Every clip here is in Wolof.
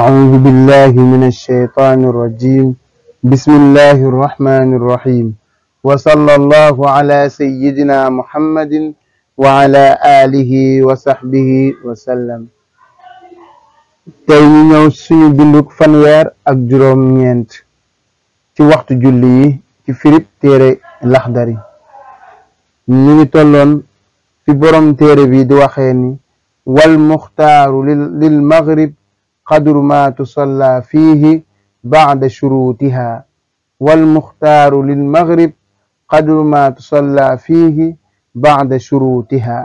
أعوذ بالله من الشيطان الرجيم بسم الله الرحمن الرحيم وصلى الله على سيدنا محمد وعلى آله وصحبه وسلم tey ñu ñëw suñu bindug fanweer ak juróom ñeent ci waxtu julli yi ci firib téere laxdari ñu ngi tolloon fi borom téere bi di waxee ni wal muxtaaru lil maghrib qadru ma tusalla fihi ba'da shurutiha wal muxtaaru lil maghrib qadru ma tusalla fihi ba'da shurutiha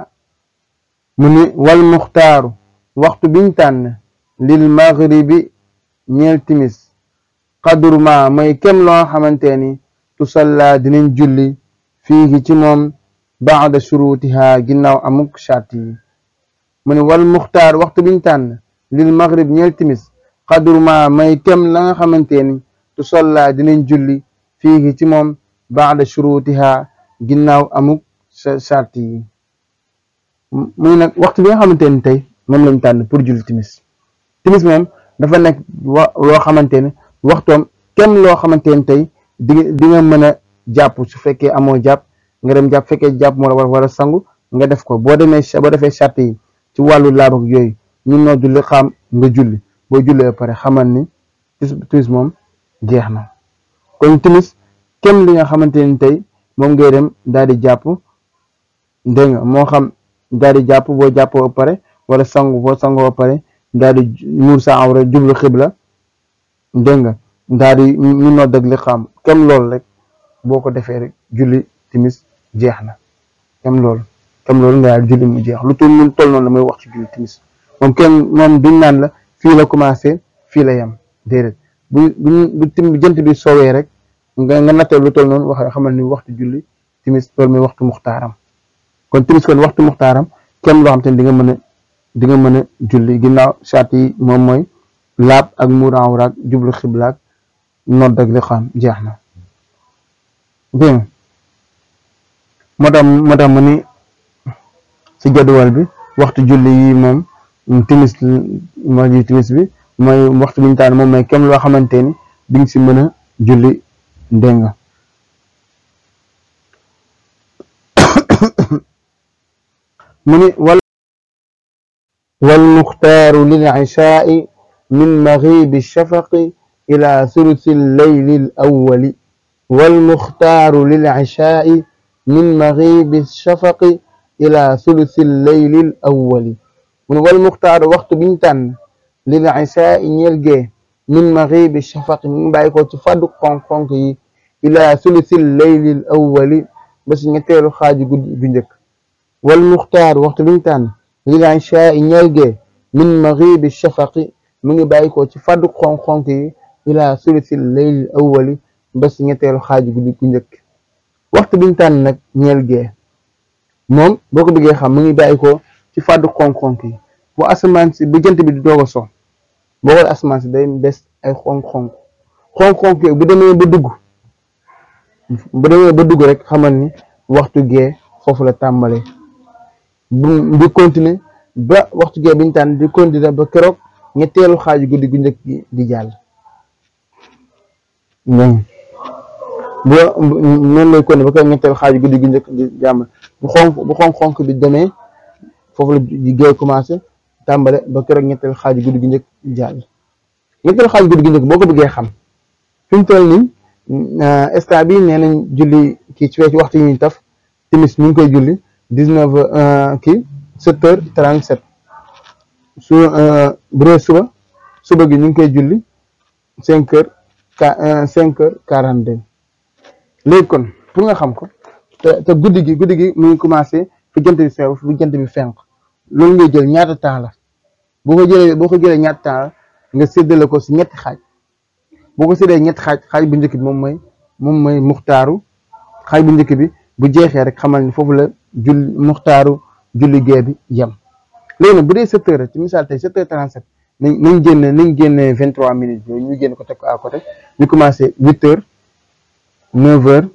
mu ni wal muxtaaru waxtu biñ tànn lil maghribi ñeel timis qadru ma mooy kem loo xamante ni tusalla dinañ julli fiihi ci moom ba'da shurutiha ginnaaw amuk shart yi mu ni wal muxtaar waxtu biñ tànn lil maghrib ñeel timis xadru ma may kem la nga xamante ni tu solla dinañ julli fii ci moom baax baada shurutiha ginnaaw amuk sart yi muy nag waxtu bi nga xamante ni tey moom lañ tànn pour julli timis timis moom dafa nekk loo xamante ni waxtoom kem loo xamante ni tey di di nga mën a jàpp su fekkee amoo jàpp nga dem jàpp fekkee jàpp moo war war a sangu nga def ko boo demee boo defee sart yi ci wàllu laab yooyu ñu noo julli xam nga julli boo jullee pare xamal ni timis moom jeex na kon timis kenn li nga xamante ni tey moom ngay dem daal di jàpp dégg nga moo xam daal di jàpp boo jàppoo pare wala sangu boo sangoo ba pare daal di muur sa awra jublu xibla dégg nga daal ñu noo dëgg li xam kem loolu rek boo ko defee rek julli timis jeex na kem loolu kem loolu nga julli mu jeex lu tuut mun toll noonu la wax ci julli timis moom kenn moom duñ naan la fii la commencé fii la yem déedéet bu bu jant bi soowee rek nga nga nattee lu toll noonu wax xamal ni waxtu julli timis toll mi waxtu muxtaaram kon timis waxtu muxtaaram kenn loo xam te di nga mën a mën a julli ginnaaw charte yi moom mooy laab ak muuraawraag jublu xiblaak nodd ak li xam jeex na dégg nga moo tax moo tax mu ni si jadwal bi waxtu julli yi moom timis mooy ji timis bi mooy waxtu bi ñu tànn moom mooy kem loo xamante ni di nga si mën a julli dégg nga mu ni wal muxtaaru lil ishaai min maxibi shafaqi ila sulusi leyli l awwali wal muxtaaru lil ishaai min maxibi shafaqi ila sulusi leyli l awwali mun wal muxtaaru waxtu biñ tànn lil isaa i ñeel gee min maghribi shafaq mi ngi bàyyi ko ci faddu xonk-xonk yi ilaa sulusil laylil awwali ba si ñetteelu xaaju guddi gu wal muxtaaru waxtu biñ tànn lil isaa i ñeel gee min maghribi shafaqi mi ngi bàyyi ko ci faddu xonk-xonk yi ilaa sulusil laylil awwali ba si ñetteelu xaaju guddi gu waxtu biñ nag ñeel gee moom boo ko bëggee xam mu ngi bàyyi ci faddu xonk-xonk yi bu asamaan si bu jant bi di doog a boo wal asamaan si day des ay xonk-xonk xonk bu demee ba dugg bu demee dugg rek xamal ni waxtu gee foofu la tàmbalee di continuer ba waxtu gee biñu tànn di continuer ba keroog ñetteelu xaaju guddi gi di jàll ba keroog ñetteelu xaaju guddi gu njëkk di jàmm bu xonk bi demee foofu la gee commencé tàmbale ba keroog ñetteel xaaju guddi gi njëkk jàll ñetteel xaaju guddi gi njëkk boo ko bëggee xam fi mu toll nii instant euh, bi nee nañ julli kii ci weesu waxtu yi ñuy taf timis ñu ngi koy julli dix neuf euh, kii sept heures trente sept su euh, bu dee suba suba gi ñu ngi koy julli cinq heures qua cinq heures quarante deux léegi kon pour nga xam ko te te guddi gi guddi gi mu ngi commencé fi jant bi feew fi jant bi fenk loolu ngay jël ñaata temps la boo ko jëlee boo ko jëlee ñaat temps nga séddale ko si ñetti xaaj boo ko séddee ñetti xaaj xaaj bu njëkk bi moom mooy moom mooy muxtaaru xaaj bu njëkk bi bu jeexee rek xamal ni foofu la julli muxtaaru julli gee bi yem léegi nag bu dee sept heures ci misaal tey sept heures trente sept nañ nañ génne nañ génne vingt trois minutes yooyu ñu génne ko teg ko à côté ñu commencé huit heures neuf heures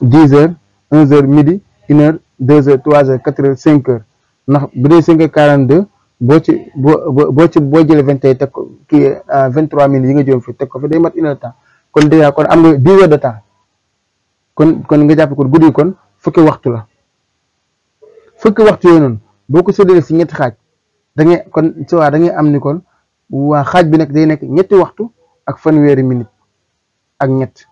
dix heures onze heures midi une heure deux heures trois heures quatre heures cinq heures ndax bu dee cinq heures boo ci boo boo ci boo jëlee vingt et teg ko kii ah, vingt trois mille yi nga jëm fi teg ko fi day mat une heure de kon déjà kon am nga dix kon kon nga jàpp kon guddi kon fukki waxtu la fukki waxtu yooyu noonu boo ko séddalee si ñetti xaaj da kon si waa da ngay am ni kon waa xaaj bi nag day nekk ñetti waxtu ak fan fanweeri minute ak ñett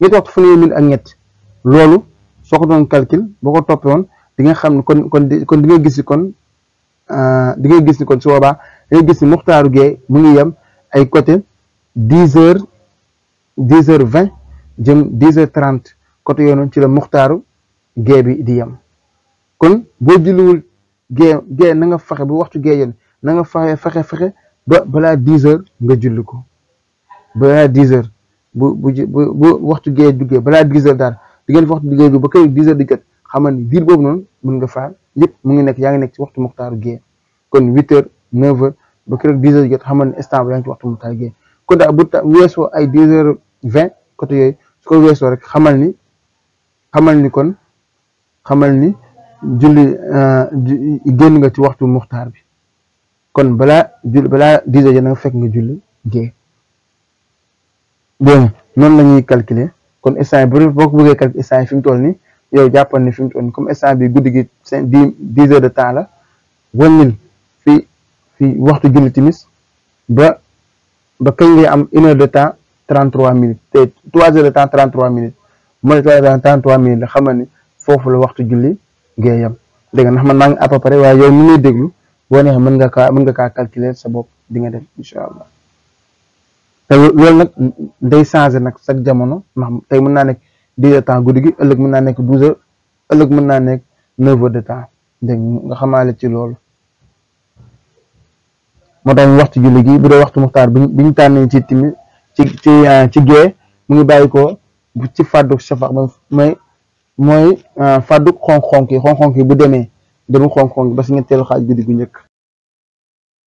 ñetti waxtu fanweeri minute ak ñett loolu soo ko doon calcul boo ko toppee woon di nga xam kon kon di kon di nga gis kon. Euh, di ngay gis ni kon su boobaa da ngay gis ni muxtaaru gee mu ngi yem ay côté dix heures dix heures vingt jëm dix heures côté yoonoon ci la muxtaaru gee bi di yem kon boo julliwul gee gee na nga fexe bu waxtu gee yéen na nga fexe fexe fexe ba balaa dix heures nga julli ko balaa dix heures bu bu bu waxtu gee duggee balaa dix heures daal di ngeen fi waxtu gee ba kër dix heures di jot xam nga ni diir boobu noonu mën nga faal yëpp mu ngi nekk yaa ngi nekk ci waxtu muxtaaru gée kon huit heures neuf heures ba keroog dix heures jot xamal ne instant bi yaa ngi ci waxtu bu ta weesoo ay dix heures côté yooyu weesoo rek xamal ni xamal ni kon xamal ni julli euh, génn nga ci waxtu muxtaar bi kon bala julli balaa dix heures na nga fekk nga julli gée bon noonu la ñuy calculer kon instant yi boo ko bëggee calculer instant yi fi mu toll nii yow jàppal ni fi mu toll comme instant bi guddi gi cinq dix dix heures de temps la wàññil fi fi waxtu julli timis ba ba kañ ngay am une heure de temps trente trois minutes te trois heures de temps trente trois minutes mooy trois heures de temps trente trois minutes la ni foofu la waxtu julli ngay yem dégg nax ndax man maa ngi à peu près waaye yow mi ngi déglu boo neexee mën nga kaa mën nga kaa calculer sa bopp di nga dem incha allah te loolu nag day changer nag chaque jamono tey mën naa nekk. dix heures de guddi gi ëllëg mën naa nekk douze ëllëg mën naa nekk neuf de temps dégg nga xamaale ci loolu moo tax ñu waxtu julli gi bu dee waxtu muxtaar bi ñu tànnee ci timi ci ci ah, ci gée mu ngi bàyyi ko ci fàddu shafaq mooy mooy ah, fàddu xonk-xonk yi xonk-xonk yi bu demee demu xonk-xonk ba si ñetteelu xaaj guddi gu njëkk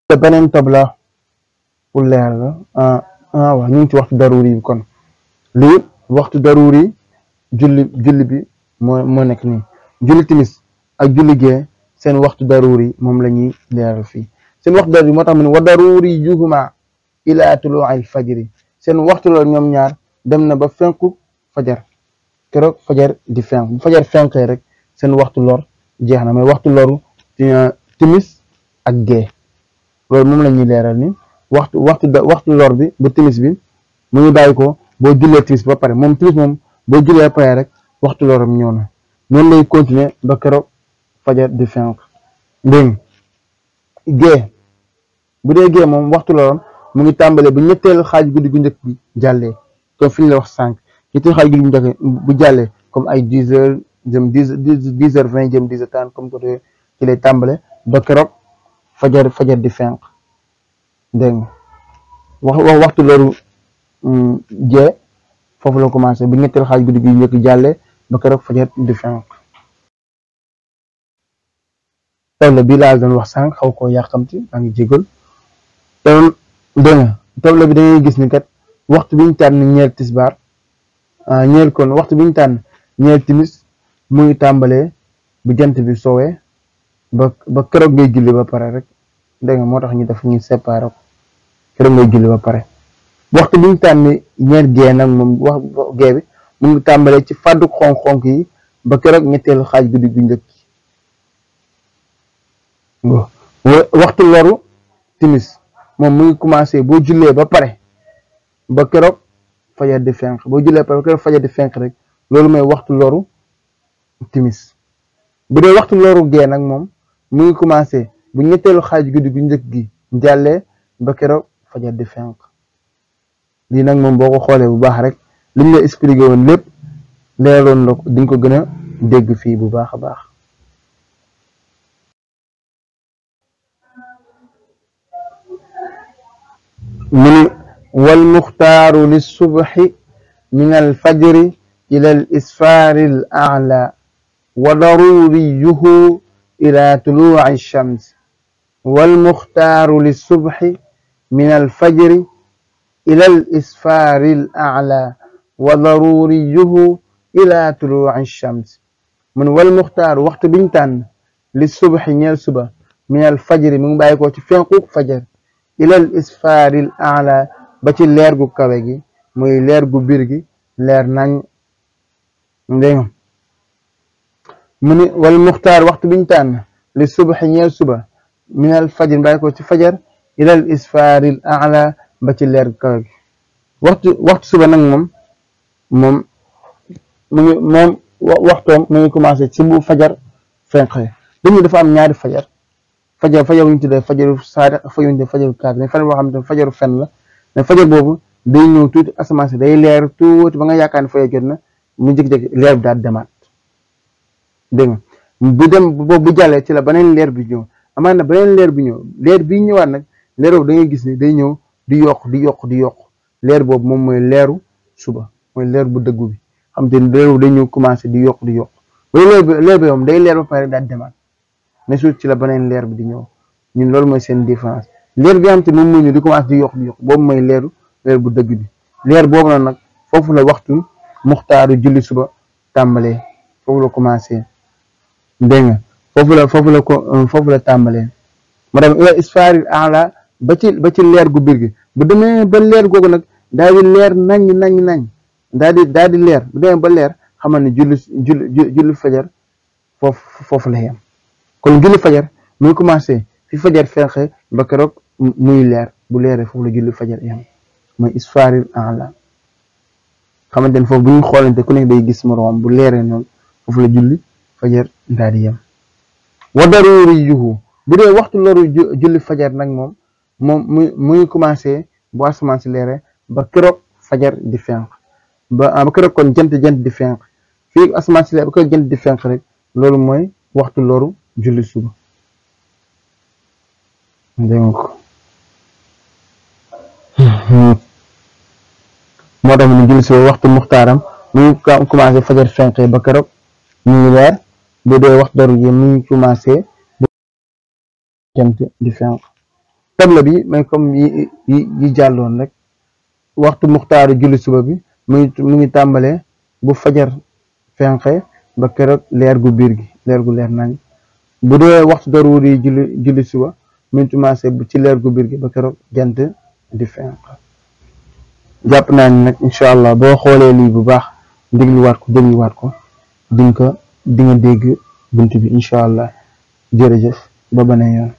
te beneen tabla pour leer la ah, ñu ngi ci waxtu daruuri yi kon lii waxtu daruuri julli julli bi moo moo nekk nii julli timis ak julli gee seen waxtu daruur moom lañuy ñuy leeral fii seen waxtu daruur yi moo tax mu ne wa daruuri juhuma ila tuluu'il fajri seen waxtu la ñoom ñaar dem na ba fenku fajar keroog fajar di fenk fajar fenkee rek seen waxtu lor jeex na mais waxtu loru euh, timis ak loolu moom la leeral ni waxtu waxtu lor bi bu timis bi mu ñu bàyyi ko boo jullee timis ba pare moom timis moom boo julee pare rek waxtu loram ñëw na noonu lay continuer ba keroog fajar di fenk dégg gée bu dee gée moom waxtu loram mu ngi tàmbalee bu ñetteelu xaaj guddi gu njëkk bi jàllee comme fi ñu la wax sànq ñetteelu xaaj guddi gu njëkk bu jàllee comme ay dix heures jëm dix dix heures vingt jëm dix heures trente comme côté ci lay tàmbale ba fajar fajar di fenk dégg nga wax waxtu loru jee mm, foofu la commencé bi ñetteel xaaj guddi gi njëkk jàlle ba keroog fajar di fenk table bi laa doon wax sànq xaw ko yàqamti maa ngi jégal te table bi dañuy gis ni kat waxtu bi ñu tànn ñeel tisbaar ah, ñeel kon waxtu bi tànn ñeel timis mu ngi tàmbalee bu jant bi soowee ba ba keroog ngay julli ba pare rek dégg nga moo tax ñu def ñu séparé ko keroog ngay julli ba pare. waxtu bi ñu tànn ñeent gee nag tàmbalee ci fàddu xonk ba keroog ñetteelu xaaj guddi gu njëkk waxtu loru timis moom mu ngi commencé boo jullee ba pare ba keroog fajar di fenk boo jullee ba pare ba keroog fajar di fenk rek loolu mooy waxtu loru timis bu dee waxtu loru gee nag moom mu ngi commencé bu ñetteelu xaaj guddi gu njëkk gi jàllee ba keroog fajar di fenk lii nag moom boo ko xoolee bu baax rek liñ la expliqué woon lépp leeroon la di ko gën a dégg fii bu baax a baax. mu ni wal muxtaaru li subxi min alfajri ila al isfaari al aclaa wa daruriyuhu ila shams wal muxtaaru li subxi min alfajri إلى الإسفار الأعلى وضروريه إلى طلوع الشمس من والمختار وقت بنتان للصبح نيال صبح من الفجر من بايكو فينقوك فجر إلى الإسفار الأعلى بتي لير جو كاوي موي لير جو بير leer nañ ndéngam mu ni wal muxtaar waxtu biñ tànn li subax ñeel suba minal fajr bàyyi ko ci fajar ilal isfaaril aala ba ci leer kaw gi waxtu waxtu suba nag moom moom mu ngi moom waxtoom mu ngi commencé ci bu fajar fenqee dañu dafa am ñaari fajar fajar fajar wu ñu tuddee fajaru saadiq fajar wu ñu tuddee fajaru kaas mais fajar boo xam ne fajaru fen la mais fajar boobu day ñëw tuuti asamaan si day leer tuuti ba nga yaakaar ne fajar jot na mu jékki-jékki leer bi daal demaat dégg nga bu dem boobu bu jalee ci la beneen leer bi ñëw amaan na beneen leer bi ñëw leer bi ñëwaat nag leer boobu da gis ni day ñëw di yokk di yokk di yokk leer boobu moom mooy leeru suba mooy leer bu dëggu bi xam te ne leer boobu commencé di yokk di yokk ba leer bi leer day leer ba pare daal demaat mais ci la beneen leer bi di ñëw ñun loolu mooy seen différence leer bi xam te moom di commencé yokk di yokk boobu mooy leeru leer bu dëgg bi leer boobu nag foofu la waxtu muxtaaru julli suba tàmbalee foofu la commencé dégg nga foofu la foofu la ko foofu la tàmbalee ma dem ila isfaaril aala ba ci leer gu biir gi bu demee ba leer googu nag daal di leer naññ naññ naññ daal daal di leer bu demee ba leer xamal ne julli julli fajar foofu foofu la yem kon julli fajar muy commencé fi fajar fenxe ba keroog muy leer bu leeree foofu la julli fajar yem mooy isfaaril a'la xamante ne foofu bu ñu xoolante ku nekk day gis moroom bu leeree noonu foofu la julli fajar daal di yem wa daruuriyuhu bu dee waxtu loru julli fajar nag moom moom muy muy commencé bu asamaan si leere ba keroog fajar di fenq ba ah, ba keroog kon jant jant di fenq fii asamaan si leere ba keroog jant di fenq rek loolu mooy waxtu loru julli suba dégg ko hmm. moo tax mu julli suba waxtu muxtaaram mu ngi commencé fajar fenqee ba keroog mu ngi leer bu dee waxtu loru ji mu ngi commencé jant di fenq tabla bi même comme yi yi jàlloon rek waxtu muxtaaru julli suba bi mu ngi ngi tàmbalee bu fajar fenqe ba keroog leer gu biir gi leer gu leer nañ bu dee waxtu daruur yi julli julli suba mu ngi commencé bu ci leer gu biir gi ba keroog jant di fenq jàpp naa ni nag incha allah boo xoolee lii bu baax dégluwaat ko dégluwaat ko dinga ko di nga dégg bunt bi incha allah jërëjëf ba beneen yoon